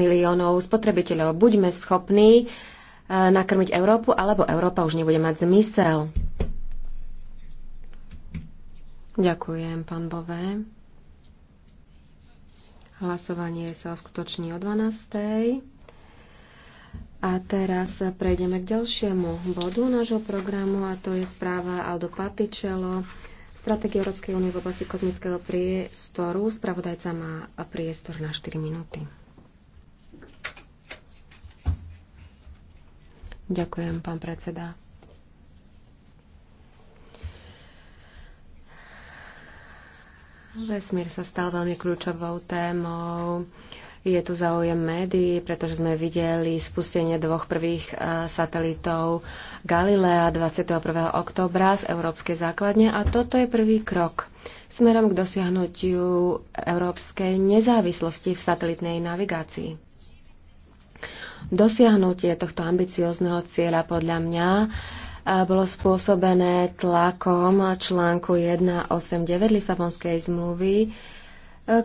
miliónov spotrebiteľov. Buďme schopní eh, nakrmiť Európu, alebo Európa už nebude mať zmysel. Ďakujem, pán Bové. Hlasovanie sa uskutoční o 12. A teraz prejdeme k ďalšiemu bodu nášho programu a to je správa Aldo Papičelo. Stratégia Európskej únie v oblasti kozmického priestoru. Spravodajca má priestor na 4 minúty. Ďakujem, pán predseda. Vesmír sa stal veľmi kľúčovou témou. Je tu záujem médií, pretože sme videli spustenie dvoch prvých eh, satelitov Galilea 21. oktobra z Európskej základne a toto je prvý krok smerom k dosiahnutiu európskej nezávislosti v satelitnej navigácii. Dosiahnutie tohto ambiciozneho cieľa podľa mňa bolo spôsobené tlakom článku 189 Lisabonskej zmluvy, e,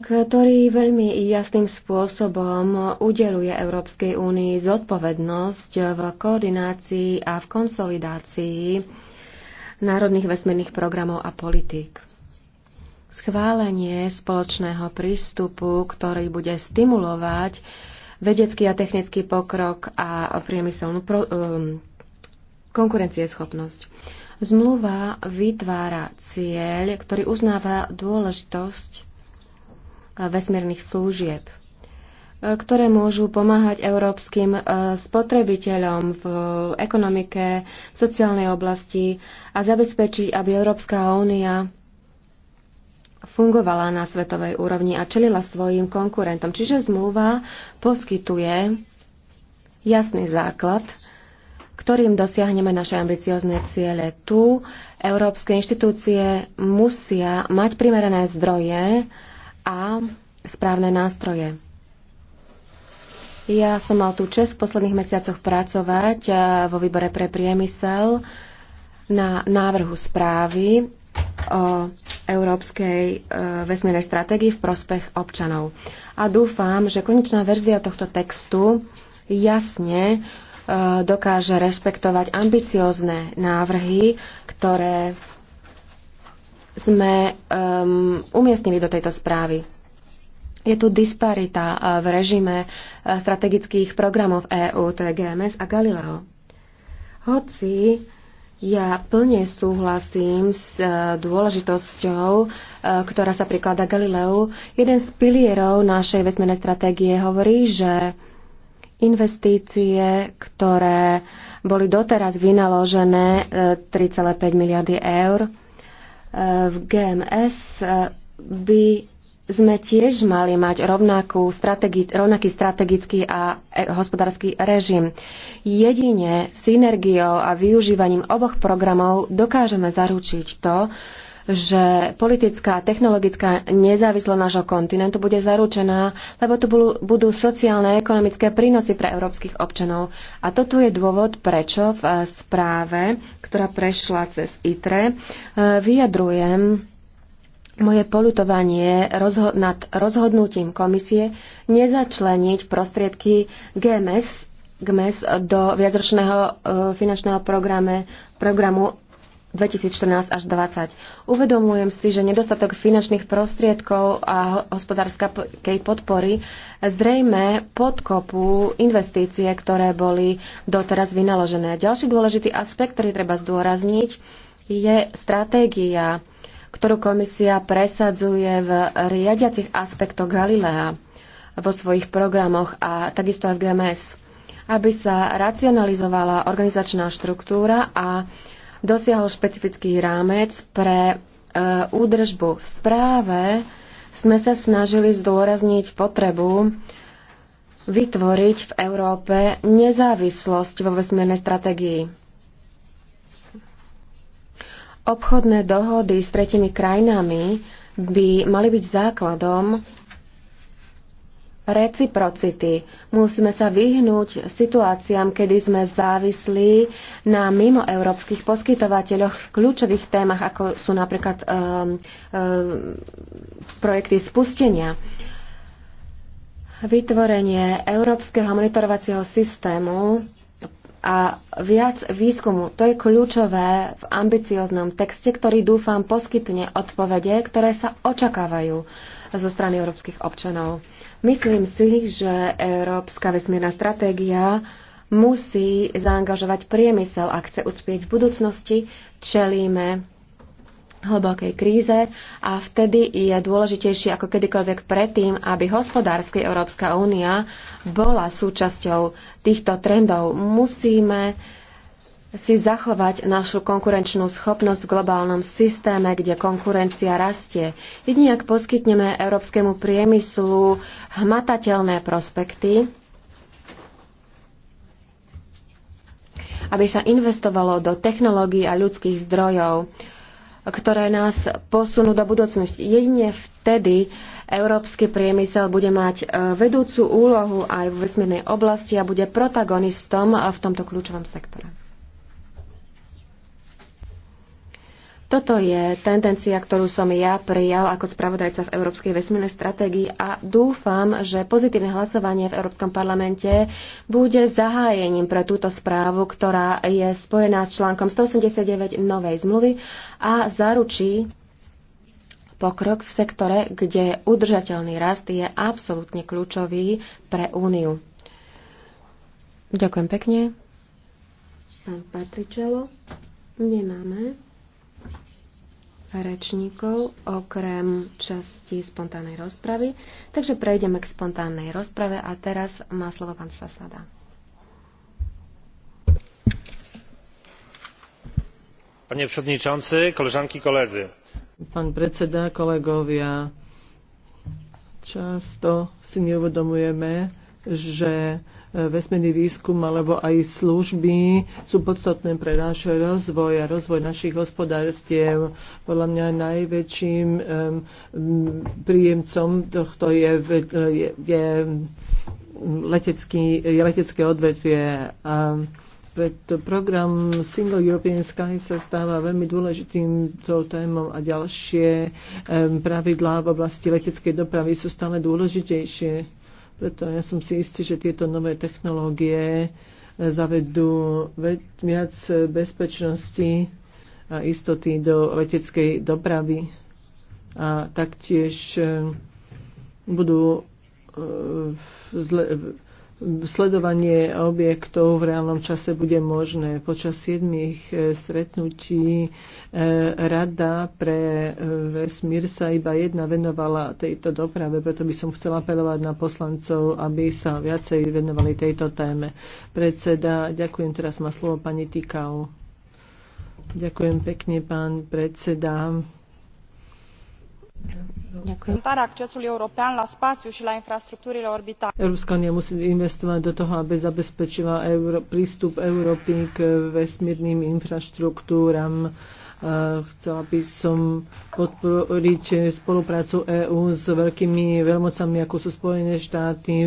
ktorý veľmi jasným spôsobom udeluje Európskej únii zodpovednosť v koordinácii a v konsolidácii národných vesmírnych programov a politík. Schválenie spoločného prístupu, ktorý bude stimulovať vedecký a technický pokrok a priemyselnú pro, um, konkurencieschopnosť. Zmluva vytvára cieľ, ktorý uznáva dôležitosť e, vesmírnych služieb, e, ktoré môžu pomáhať európskym e, spotrebiteľom v ekonomike, v sociálnej oblasti a zabezpečiť, aby Európska únia fungovala na svetovej úrovni a čelila svojim konkurentom. Čiže zmluva poskytuje jasný základ, ktorým dosiahneme naše ambiciozne ciele. Tu európske inštitúcie musia mať primerané zdroje a správne nástroje. Ja som mal tú čest v posledných mesiacoch pracovať eh, vo výbore pre priemysel na návrhu správy o európskej e, vesmírnej stratégii v prospech občanov. A dúfam, že konečná verzia tohto textu jasne e, dokáže rešpektovať ambiciozne návrhy, ktoré sme e, umiestnili do tejto správy. Je tu disparita e, v režime strategických programov EÚ, to je GMS a Galileo. Hoci ja plne súhlasím s e, dôležitosťou, e, ktorá sa prikladá Galileu. Jeden z pilierov našej vesmírnej stratégie hovorí, že investície, ktoré boli doteraz vynaložené 3,5 e, miliardy eur v GMS, by sme tiež mali mať rovnakú strategi- rovnaký strategický a e- hospodársky režim. Jedine synergiou a využívaním oboch programov dokážeme zaručiť to, že politická a technologická nezávislosť nášho kontinentu bude zaručená, lebo tu budú, budú sociálne a ekonomické prínosy pre európskych občanov. A toto je dôvod, prečo v e, správe, ktorá prešla cez ITRE, e, vyjadrujem moje polutovanie rozho- nad rozhodnutím komisie nezačleniť prostriedky GMS, GMS do viacročného e, finančného programe, programu 2014 až 2020. Uvedomujem si, že nedostatok finančných prostriedkov a hospodárskej podpory zrejme podkopu investície, ktoré boli doteraz vynaložené. Ďalší dôležitý aspekt, ktorý treba zdôrazniť, je stratégia ktorú komisia presadzuje v riadiacich aspektoch Galilea vo svojich programoch a takisto aj v GMS, aby sa racionalizovala organizačná štruktúra a dosiahol špecifický rámec pre e, údržbu. V správe sme sa snažili zdôrazniť potrebu vytvoriť v Európe nezávislosť vo vesmírnej stratégii. Obchodné dohody s tretimi krajinami by mali byť základom reciprocity. Musíme sa vyhnúť situáciám, kedy sme závislí na mimoeurópskych poskytovateľoch v kľúčových témach, ako sú napríklad um, um, projekty spustenia. Vytvorenie Európskeho monitorovacieho systému a viac výskumu. To je kľúčové v ambicioznom texte, ktorý dúfam poskytne odpovede, ktoré sa očakávajú zo strany európskych občanov. Myslím si, že Európska vesmírna stratégia musí zaangažovať priemysel, ak chce uspieť v budúcnosti. Čelíme hlbokej kríze a vtedy je dôležitejšie ako kedykoľvek predtým, aby hospodársky Európska únia bola súčasťou týchto trendov. Musíme si zachovať našu konkurenčnú schopnosť v globálnom systéme, kde konkurencia rastie. Jedine ak poskytneme európskemu priemyslu hmatateľné prospekty, aby sa investovalo do technológií a ľudských zdrojov, ktoré nás posunú do budúcnosti. Jedine vtedy európsky priemysel bude mať e, vedúcu úlohu aj v vesmírnej oblasti a bude protagonistom e, v tomto kľúčovom sektore. Toto je tendencia, ktorú som ja prijal ako spravodajca v Európskej vesmírnej stratégii a dúfam, že pozitívne hlasovanie v Európskom parlamente bude zahájením pre túto správu, ktorá je spojená s článkom 189 novej zmluvy a zaručí pokrok v sektore, kde udržateľný rast je absolútne kľúčový pre Úniu. Ďakujem pekne. Pán Patričelo. Nemáme rečníkov okrem časti spontánnej rozpravy. Takže prejdeme k spontánnej rozprave a teraz má slovo pán Sasada. Panie przewodniczący, koleżanki, koledzy. Pan predseda, kolegovia, často si nie neuvedomujeme, že vesmírny výskum alebo aj služby sú podstatné pre náš rozvoj a rozvoj našich hospodárstiev. Podľa mňa najväčším príjemcom tohto je, je, je, letecký, je letecké odvetvie. A preto program Single European Sky sa stáva veľmi dôležitým témom a ďalšie pravidlá v oblasti leteckej dopravy sú stále dôležitejšie preto ja som si istý, že tieto nové technológie eh, zavedú viac eh, bezpečnosti a istoty do leteckej dopravy a taktiež eh, budú zle, sledovanie objektov v reálnom čase bude možné. Počas siedmých eh, stretnutí eh, Rada pre eh, vesmír sa iba jedna venovala tejto doprave, preto by som chcela apelovať na poslancov, aby sa viacej venovali tejto téme. Predseda, ďakujem, teraz má slovo pani Tikau. Ďakujem pekne, pán predseda. Ďakujem. Európska unia musí investovať do toho, aby zabezpečila prístup Európy k vesmírnym infraštruktúram Chcela by som podporiť spoluprácu EÚ s veľkými veľmocami, ako sú Spojené štáty,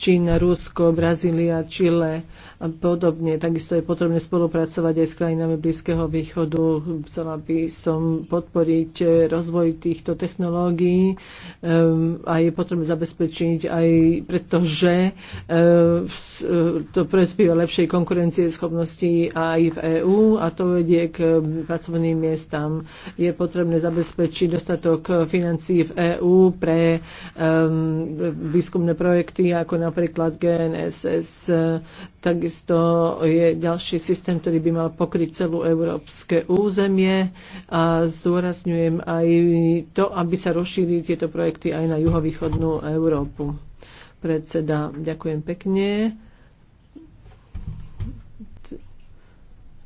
Čína, Rusko, Brazília, Čile a podobne. Takisto je potrebné spolupracovať aj s krajinami Blízkeho východu. Chcela by som podporiť rozvoj týchto technológií ehm, a je potrebné zabezpečiť aj pretože ehm, to prespíva lepšej konkurencie schopnosti aj v EÚ a to vedie k pracovnej pracovným miestam. Je potrebné zabezpečiť dostatok financií v EÚ pre um, výskumné projekty, ako napríklad GNSS. Takisto je ďalší systém, ktorý by mal pokryť celú európske územie a zdôrazňujem aj to, aby sa rozšírili tieto projekty aj na juhovýchodnú Európu. Predseda, ďakujem pekne.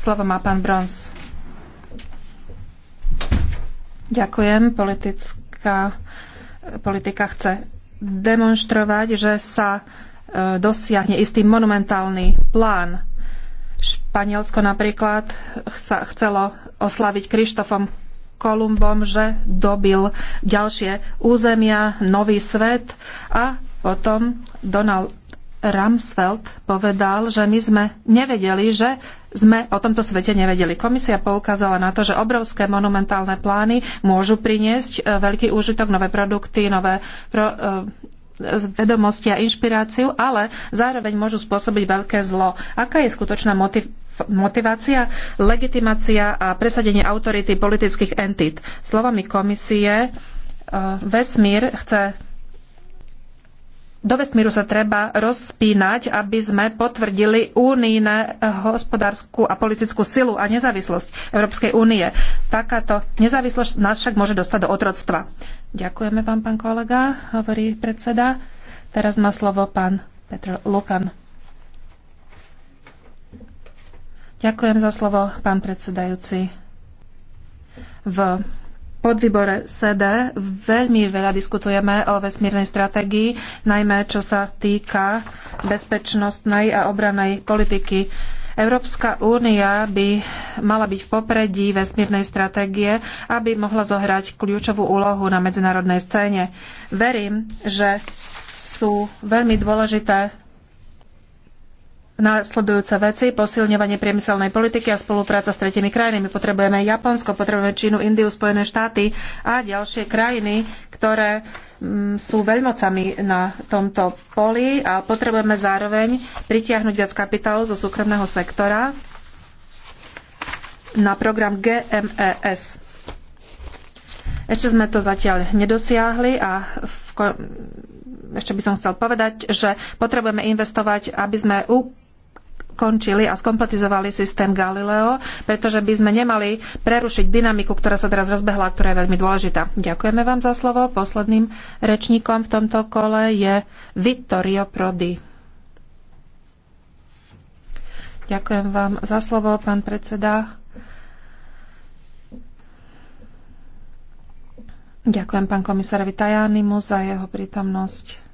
Slovo má pán Brons. Ďakujem. Politická, politika chce demonštrovať, že sa e, dosiahne istý monumentálny plán. Španielsko napríklad sa chcelo oslaviť Krištofom Kolumbom, že dobil ďalšie územia, nový svet a potom Donald Ramsfeld povedal, že my sme nevedeli, že sme o tomto svete nevedeli. Komisia poukázala na to, že obrovské monumentálne plány môžu priniesť e, veľký úžitok, nové produkty, nové pro, e, vedomosti a inšpiráciu, ale zároveň môžu spôsobiť veľké zlo. Aká je skutočná motiv- motivácia, legitimácia a presadenie autority politických entít? Slovami komisie e, vesmír chce do vesmíru sa treba rozpínať, aby sme potvrdili únijné hospodárskú a politickú silu a nezávislosť Európskej únie. Takáto nezávislosť nás však môže dostať do otroctva. Ďakujeme vám, pán kolega, hovorí predseda. Teraz má slovo pán Petr Lukan. Ďakujem za slovo, pán predsedajúci. V podvýbore SEDE veľmi veľa diskutujeme o vesmírnej stratégii, najmä čo sa týka bezpečnostnej a obranej politiky. Európska únia by mala byť v popredí vesmírnej stratégie, aby mohla zohrať kľúčovú úlohu na medzinárodnej scéne. Verím, že sú veľmi dôležité nasledujúce veci, posilňovanie priemyselnej politiky a spolupráca s tretimi krajinami. Potrebujeme Japonsko, potrebujeme Čínu, Indiu, Spojené štáty a ďalšie krajiny, ktoré mm, sú veľmocami na tomto poli a potrebujeme zároveň pritiahnuť viac kapitálu zo súkromného sektora na program GMES. Ešte sme to zatiaľ nedosiahli a v, ešte by som chcel povedať, že potrebujeme investovať, aby sme u, skončili a skompletizovali systém Galileo, pretože by sme nemali prerušiť dynamiku, ktorá sa teraz rozbehla, ktorá je veľmi dôležitá. Ďakujeme vám za slovo. Posledným rečníkom v tomto kole je Vittorio Prodi. Ďakujem vám za slovo, pán predseda. Ďakujem pán komisárovi Tajánimu za jeho prítomnosť.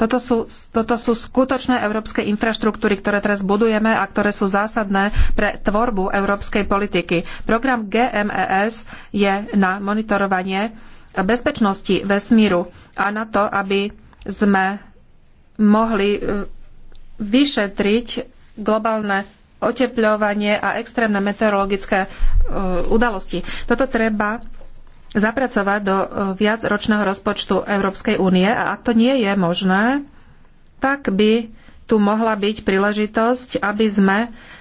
Toto sú, toto sú skutočné európske infraštruktúry, ktoré teraz budujeme a ktoré sú zásadné pre tvorbu európskej politiky. Program GMES je na monitorovanie bezpečnosti vesmíru a na to, aby sme mohli e, vyšetriť globálne otepľovanie a extrémne meteorologické e, udalosti. Toto treba zapracovať do e, viacročného rozpočtu Európskej únie a ak to nie je možné, tak by tu mohla byť príležitosť, aby sme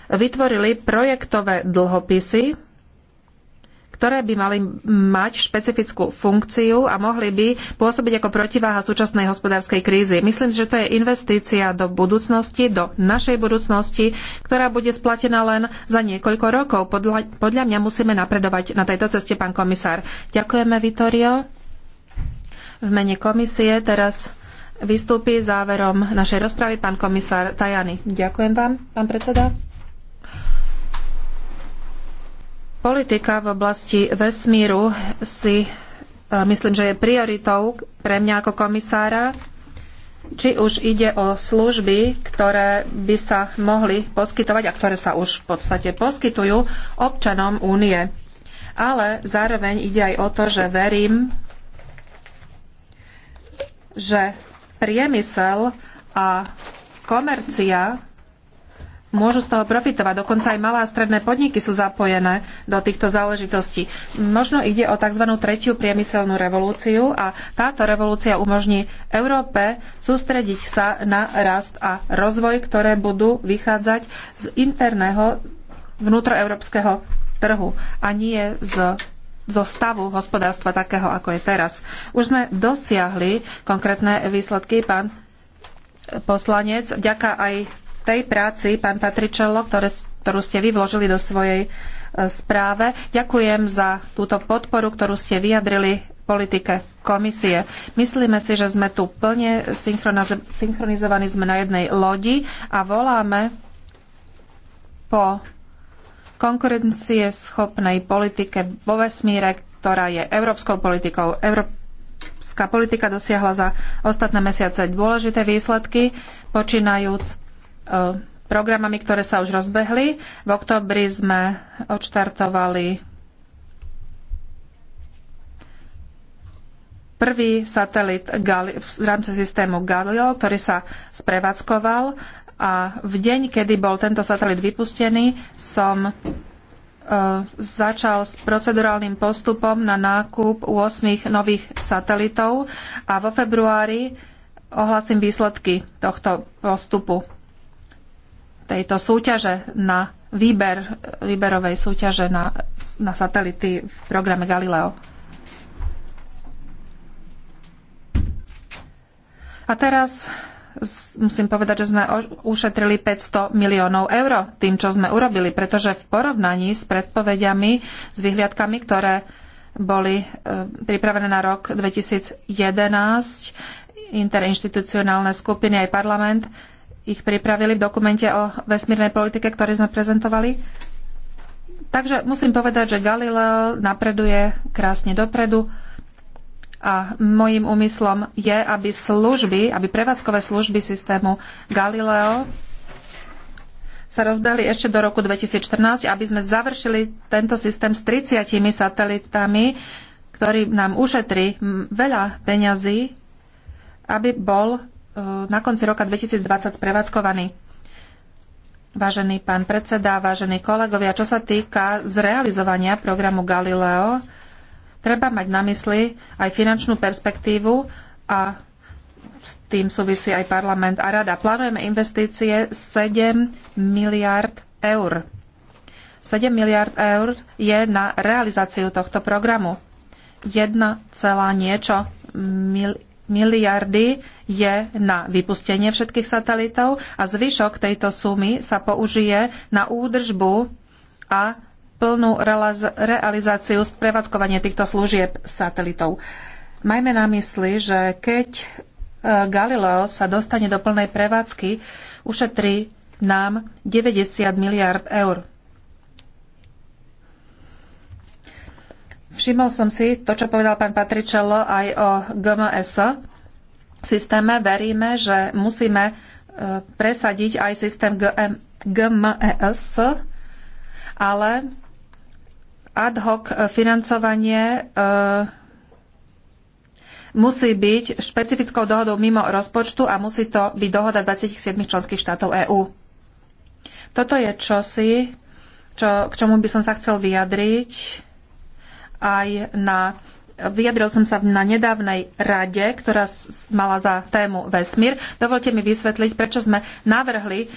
vytvorili projektové dlhopisy, ktoré by mali mať špecifickú funkciu a mohli by pôsobiť ako protiváha súčasnej hospodárskej krízy. Myslím, že to je investícia do budúcnosti, do našej budúcnosti, ktorá bude splatená len za niekoľko rokov. Podľa, podľa mňa musíme napredovať na tejto ceste, pán komisár. Ďakujeme, Vitorio. V mene komisie teraz vystúpi záverom našej rozpravy pán komisár Tajany. Ďakujem vám, pán predseda. Politika v oblasti vesmíru si e, myslím, že je prioritou pre mňa ako komisára, či už ide o služby, ktoré by sa mohli poskytovať a ktoré sa už v podstate poskytujú občanom únie. Ale zároveň ide aj o to, že verím, že priemysel a komercia môžu z toho profitovať. Dokonca aj malé a stredné podniky sú zapojené do týchto záležitostí. Možno ide o tzv. tretiu priemyselnú revolúciu a táto revolúcia umožní Európe sústrediť sa na rast a rozvoj, ktoré budú vychádzať z interného vnútroeurópskeho trhu a nie z zo stavu hospodárstva takého, ako je teraz. Už sme dosiahli konkrétne výsledky, pán poslanec, vďaka aj tej práci, pán Patričello, ktoré, ktorú ste vy vložili do svojej e, správe. Ďakujem za túto podporu, ktorú ste vyjadrili politike komisie. Myslíme si, že sme tu plne synchronizovaní, sme na jednej lodi a voláme po konkurencieschopnej politike vo vesmíre, ktorá je európskou politikou. Európska politika dosiahla za ostatné mesiace dôležité výsledky, počínajúc E, programami, ktoré sa už rozbehli. V oktobri sme odštartovali prvý satelit v rámci systému Galileo, ktorý sa sprevádzkoval a v deň, kedy bol tento satelit vypustený, som e, začal s procedurálnym postupom na nákup 8 nových satelitov a vo februári ohlasím výsledky tohto postupu tejto súťaže na výber, výberovej súťaže na, na satelity v programe Galileo. A teraz musím povedať, že sme ušetrili 500 miliónov eur tým, čo sme urobili, pretože v porovnaní s predpovediami, s vyhliadkami, ktoré boli e, pripravené na rok 2011, interinštitucionálne skupiny aj parlament ich pripravili v dokumente o vesmírnej politike, ktorý sme prezentovali. Takže musím povedať, že Galileo napreduje krásne dopredu a mojím úmyslom je, aby služby, aby prevádzkové služby systému Galileo sa rozbehli ešte do roku 2014, aby sme završili tento systém s 30 satelitami, ktorý nám ušetrí veľa peňazí, aby bol na konci roka 2020 sprevádzkovaný. Vážený pán predseda, vážení kolegovia, čo sa týka zrealizovania programu Galileo, treba mať na mysli aj finančnú perspektívu a s tým súvisí aj parlament a rada. Plánujeme investície 7 miliard eur. 7 miliard eur je na realizáciu tohto programu. 1, niečo miliardy je na vypustenie všetkých satelitov a zvyšok tejto sumy sa použije na údržbu a plnú realizáciu sprevádzkovanie týchto služieb satelitov. Majme na mysli, že keď e, Galileo sa dostane do plnej prevádzky, ušetrí nám 90 miliard eur. Všimol som si to, čo povedal pán Patričelo aj o GMS systéme. Veríme, že musíme e, presadiť aj systém GM, GMES, ale ad hoc financovanie e, musí byť špecifickou dohodou mimo rozpočtu a musí to byť dohoda 27 členských štátov EÚ. Toto je čosi, čo, k čomu by som sa chcel vyjadriť aj na Vyjadril som sa na nedávnej rade, ktorá mala za tému vesmír. Dovolte mi vysvetliť, prečo sme navrhli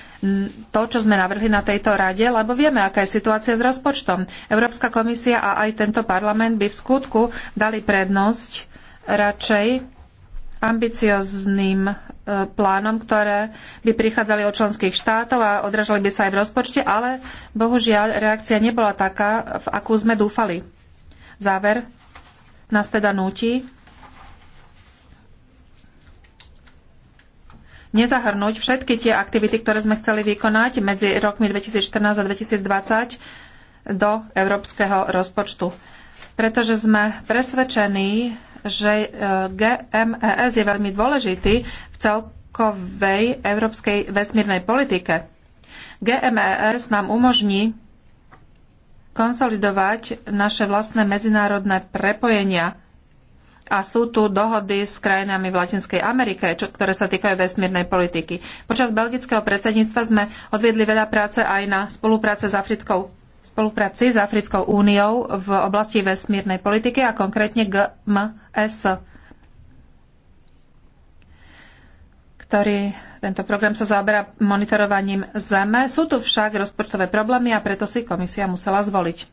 to, čo sme navrhli na tejto rade, lebo vieme, aká je situácia s rozpočtom. Európska komisia a aj tento parlament by v skutku dali prednosť radšej ambiciozným e, plánom, ktoré by prichádzali od členských štátov a odražali by sa aj v rozpočte, ale bohužiaľ reakcia nebola taká, v akú sme dúfali záver nás teda núti nezahrnúť všetky tie aktivity, ktoré sme chceli vykonať medzi rokmi 2014 a 2020 do európskeho rozpočtu. Pretože sme presvedčení, že e, GMES je veľmi dôležitý v celkovej európskej vesmírnej politike. GMES nám umožní konsolidovať naše vlastné medzinárodné prepojenia. A sú tu dohody s krajinami v Latinskej Amerike, čo, ktoré sa týkajú vesmírnej politiky. Počas belgického predsedníctva sme odviedli veľa práce aj na spolupráce s Africkou spolupráci s Africkou úniou v oblasti vesmírnej politiky a konkrétne GMS. ktorý tento program sa zaoberá monitorovaním zeme. Sú tu však rozpočtové problémy a preto si komisia musela zvoliť.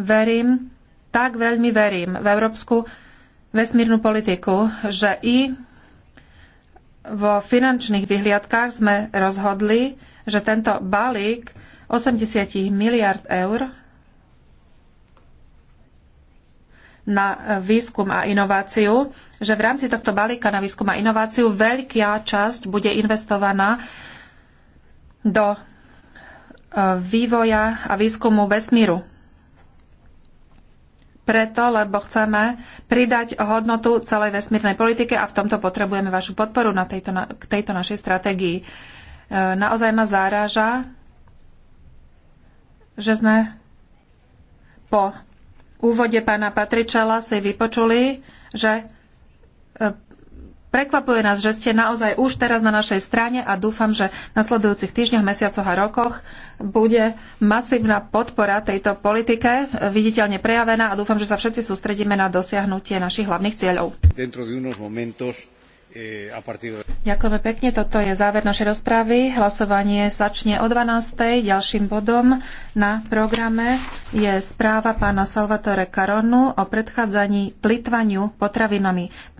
Verím, tak veľmi verím v európsku vesmírnu politiku, že i vo finančných vyhliadkách sme rozhodli, že tento balík 80 miliard eur na e, výskum a inováciu, že v rámci tohto balíka na výskum a inováciu veľká časť bude investovaná do e, vývoja a výskumu vesmíru. Preto, lebo chceme pridať hodnotu celej vesmírnej politike a v tomto potrebujeme vašu podporu na tejto, na, k tejto našej stratégii. E, naozaj ma záraža, že sme po úvode pána Patričela si vypočuli, že e, prekvapuje nás, že ste naozaj už teraz na našej strane a dúfam, že v nasledujúcich týždňoch, mesiacoch a rokoch bude masívna podpora tejto politike e, viditeľne prejavená a dúfam, že sa všetci sústredíme na dosiahnutie našich hlavných cieľov. Eh, Ďakujeme pekne. Toto je záver našej rozpravy. Hlasovanie začne o 12.00. Ďalším bodom na programe je správa pána Salvatore Caronu o predchádzaní plitvaniu potravinami.